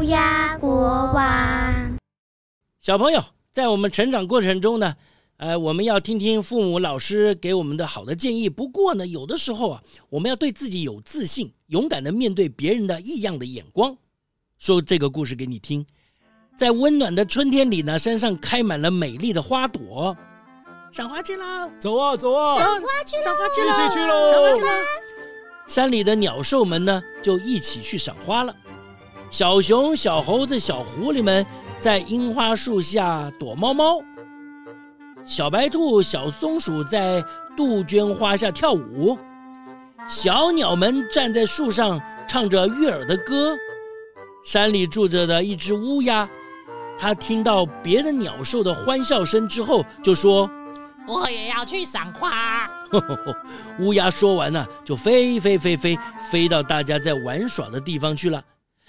烏鴉國王，小朋友，在我們成長過程中呢，呃，我們要聽聽父母、老師給我們的好的建議。不過呢，有的時候啊，我們要對自己有自信，勇敢的面對別人的異樣的眼光。說這個故事給你聽，在溫暖的春天裡呢，山上開滿了美麗的花朵。賞花去啦，啊！走啊走啊！賞花去嘍！賞花去嘍！一起去嘍！去去去！山裡的鳥獸們呢，就一起去賞花了。小熊、小猴子、小狐狸們在櫻花樹下躲貓貓；小白兔、小松鼠在杜鵑花下跳舞；小鳥們站在樹上唱着悅耳的歌。山裡住着的一隻烏鴉，它聽到別的鳥獸的歡笑聲之後，就說：“我也要去賞花。”呵呵呵，烏鴉說完呢，就飛飛飛飛飛到大家在玩耍的地方去了。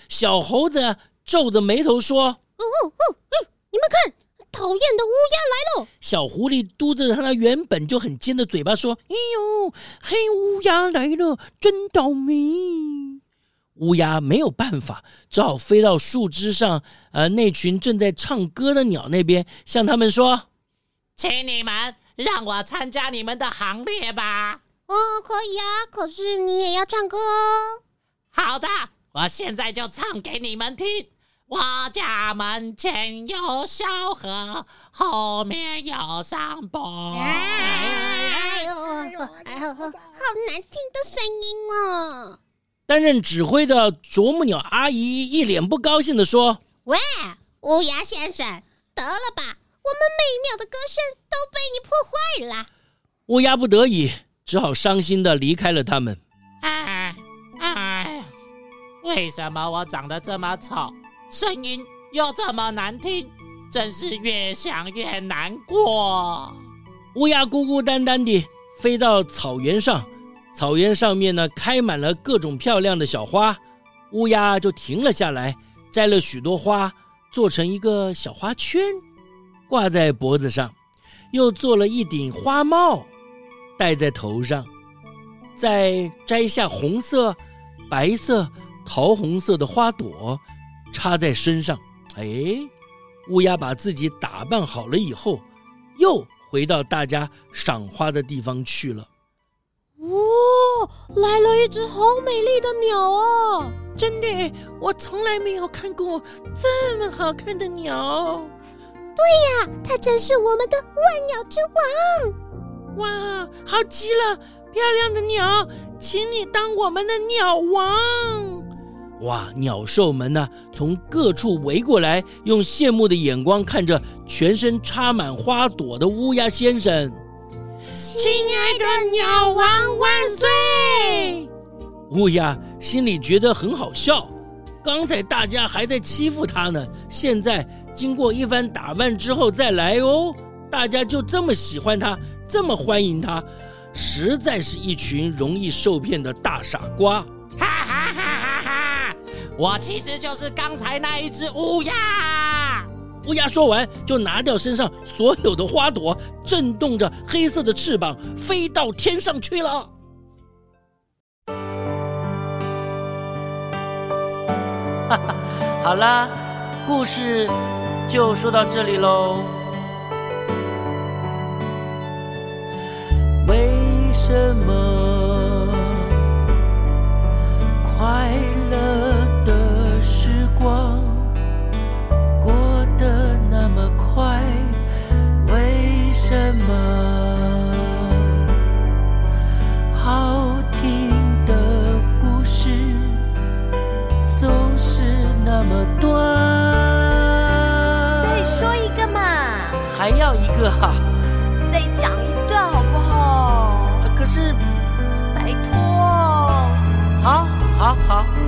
小猴子皺着眉頭說：“哦哦哦、嗯，你們看，討厭的烏鴉來了。”小狐狸嘟着它那原本就很尖的嘴巴說：“哎呦，黑烏鴉來了，真倒霉！”烏鴉沒有辦法，只好飛到樹枝上，呃，那群正在唱歌的鳥那邊，向他們說：“請你們讓我參加你們的行列吧。”“哦，可以啊，可是你也要唱歌哦。”“好的。”我現在就唱給你們聽。我家門前有小河，後面有山坡。哎呦，好難聽的聲音哦！擔任指揮的啄木鳥阿姨一臉不高興的說：“喂，烏鴉先生，得了吧，我們美妙的歌聲都被你破壞了。”烏鴉不得已，只好傷心的離開了他們。為什麼我長得這麼醜，聲音又這麼難聽，真是越想越難過。烏鴉孤孤單單地飛到草原上，草原上面呢，開滿了各種漂亮的小花。烏鴉就停了下來，摘了許多花，做成一個小花圈，掛在脖子上，又做了一頂花帽，戴在頭上，再摘下紅色、白色。桃紅色的花朵插在身上，哎，烏鴉把自己打扮好了以後，又回到大家賞花的地方去了。哇，來了一隻好美麗的鳥哦！真的，我從來沒有看過這麼好看的鳥。對呀，它真是我們的萬鳥之王。哇，好極了，漂亮的鳥，請你當我們的鳥王。哇！鳥獸們呢，從各處圍過來，用羨慕的眼光看着全身插滿花朵的烏鴉先生。親愛的鳥王萬歲！烏鴉心裡覺得很好笑，剛才大家還在欺負他呢，現在經過一番打扮之後再來哦，大家就這麼喜歡他，這麼歡迎他，實在是一群容易受騙的大傻瓜。我其實就是剛才那一隻烏鴉。烏鴉說完，就拿掉身上所有的花朵，震動着黑色的翅膀，飛到天上去了。哈哈，好啦，故事就說到這裡嘍。為什麼？一個哈，再講一段好不好？可是，拜託，好，好，好。